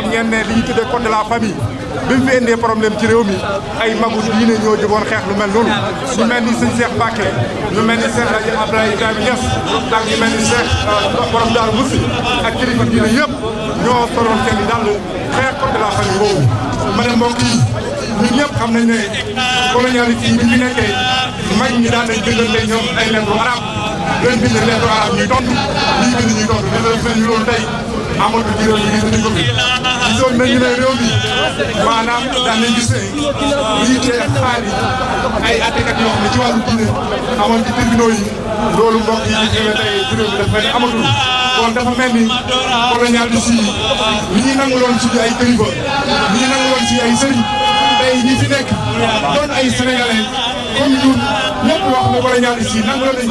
xam ngeen ne li ñu tuddee code de la famille bi mu ci réew mi ay magu diine ñoo jógoon xeex lu mel noonu ñu mel ni sëñ Cheikh Mbacké ñu mel ni Cheikh Hadji Abdoulaye Ibrahima Niass ak ñu mel ni Cheikh borom Daaru Musi ak kilifa diine yëpp ñoo soloon seen dàll xeex code de la famille ma ne mbokk yi ñun ñëpp xam nañ ne colonialiste yi bi ñu nekkee mag ñi daan nañ bindante ñoom ay lettre arabe leen bind lettre arabe ñuy tontu ñii Amadou Diouf yi ñu ngi ko fi gisoon nañu ne réew mi ci wàllu diine amoon ci tribunaux yi loolu mbokk yi ñu xewee tey juróomi dafa mel ni amatul kon dafa mel ni colonialiste yi li ñu nanguloon suñu ay kilifa li ñu ne colonialiste yi nanguloon nañ ko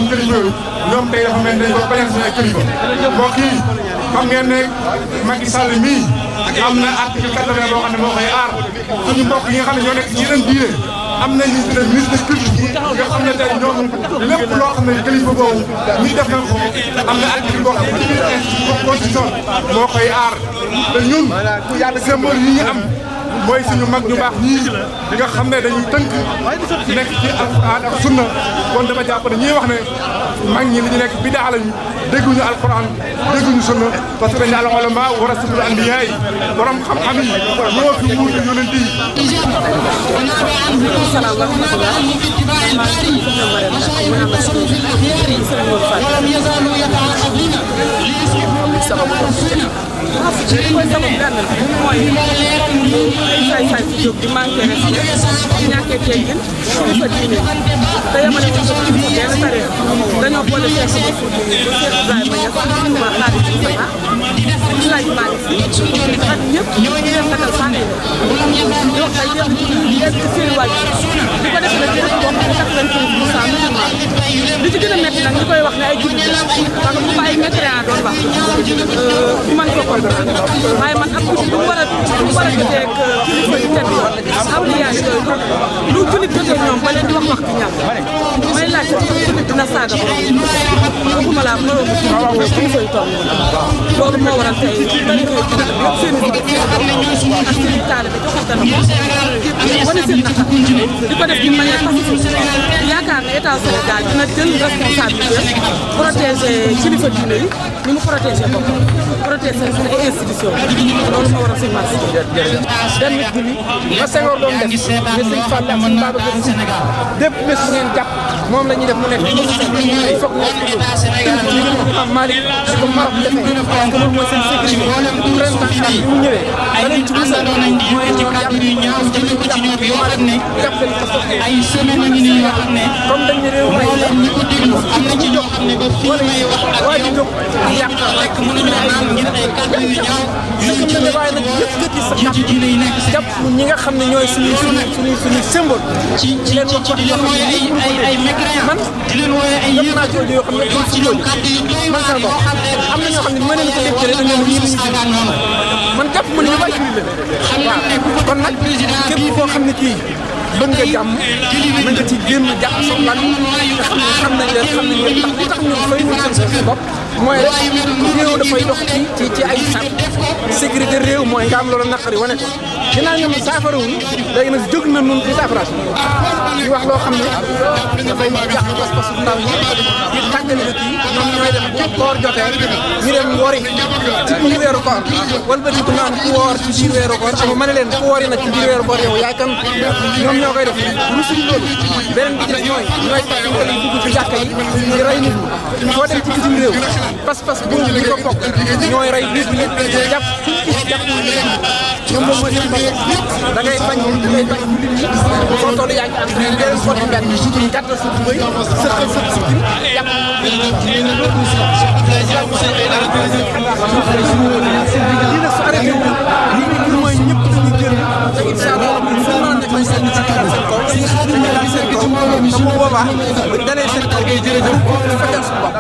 kilifa yooyu ñoom tey dafa mel ni dañ ko bañal xam ngeen ne Macky Sall mii am na article quatre-vingt loo xam ne moo koy aar suñu mbokk yi nga xam ne ñoo nekk ci yeneen diine am nañ ñu tuddee ministre de culture nga xam ne tey ñoom lépp loo xam ne kilifa boobu ñi def na ko am na article boo xam ne ci biir constitution moo koy aar te ñun symbole yi ñu am. mooy suñu mag ñu baax ñii nga xam ne dañuy tënk nekk ci alquran ak sunna kon dama jàpp ne ñii wax ne mag ñi li ñu nekk bidaa lañu dégguñu alquran dégguñu sunna parce que dañu al ulama warasatul anbiya yi borom xam-xam yi ñoo fi wuutu yonent yi sama day say say si jóg di manqué respect di ñàkk a teggin kilifa diine te yemale ko sa kilifa benn taree dañoo boole fekk ba suuf bi ba Cheikh Ibrahima Niass ak Touba Xaadim Moustapha di laaj maa ngi si ak ñëpp ñu leen takkal fànne di wax ay yéen di yéen ci seen wàll di ko def nag def boo xam ne quatre-vingt-quinze pour cent musulman li ci gën a métti nag ñu koy wax ne ay jullit parce que bu ay métti bu mën ko kon waaye man ak tuuti lu war a lu war a jotee ak kilifa yu tedd lu jullit jotee ñoom ba leen di wax wax ci ñaar may laaj jullit dina saaga ko waxuma laa moromu ci kilifa yu toll loolu moo waral tey ko wane di ko def d'une manière pacifique yaakaar ne état Sénégal dina jël responsabilité protéger kilifa yi protéger ko protéger suñu ay institution loolu moo waral suñu marche benn julli ba Senghor doon def ne suñu Fall ak suñu Babacar Si bépp bés bu ngeen jàpp moom la ñuy def mu nekk il faut que ñu Imam Malick su ko Maroc defee donc loolu mooy seen sécurité pour ren Tanzanie bi mu ñëwee beneen ci musal mooy yàlla ñu jëlee ko jàpp yoo xam ne jàppale ko soxla ay semaine ñu ni yoo xam ne comme dañ ne réew may ñi ko déglu am na ci ñoo xam ne ba fii may wax ak yow di jóg yàq rek mënuñu naan ngir ay kàddu yu ñaaw suñu demee waaye nag yëkkati sa kàddu ji lay nekk jàpp ñi nga xam ne ñooy suñuy suñuy suñuy symbole ci ci ci leen wax wax naa ci audio yoo xam ne man si ñoom man sama bopp am na ñoo xam ne mën nañu ko dégg rek dañu ne nii man jàpp ma ne ñu bàyyi si biir la waaw kon nag képp koo xam ne kii bëgg nga jàmm mën nga ci génn jàpp soxla nga xam ne xam nañ leen xam nañ leen ndax li tax ñoom fay wul seen seen bopp mooy réew dafay dox ci ci ci ay sànq sécurité réew mooy nga am loolu naqari wane ko ginnaaw ñoom saafara wu léegi nag jóg na nun ci saafara di wax loo xam ne dafay yàq pas-pasu ndaw ñi di tàggali nit yi ñoom ñooy def bu koor jotee ñu dem wori ci biir weeru koor walbati ku naan ku woor ci biir weeru koor ama ma ne leen ku woori nag ci weeru koor yaay kan ñoom ñoo koy def rusuñ loolu beneen bi ci mooy ñooy di rey nit pas-pas boobu di ko bokk ñooy rey nit ñi jàpp jàpp ñoom moom mooy seen bopp da ngay bañ da ngay bañ nit ñi foo toll yaa ngi am beneen foo dem benn gàttal sa tubay sa sa sa jàpp te bu boobaa dalee seen kàddu gi jërëjëf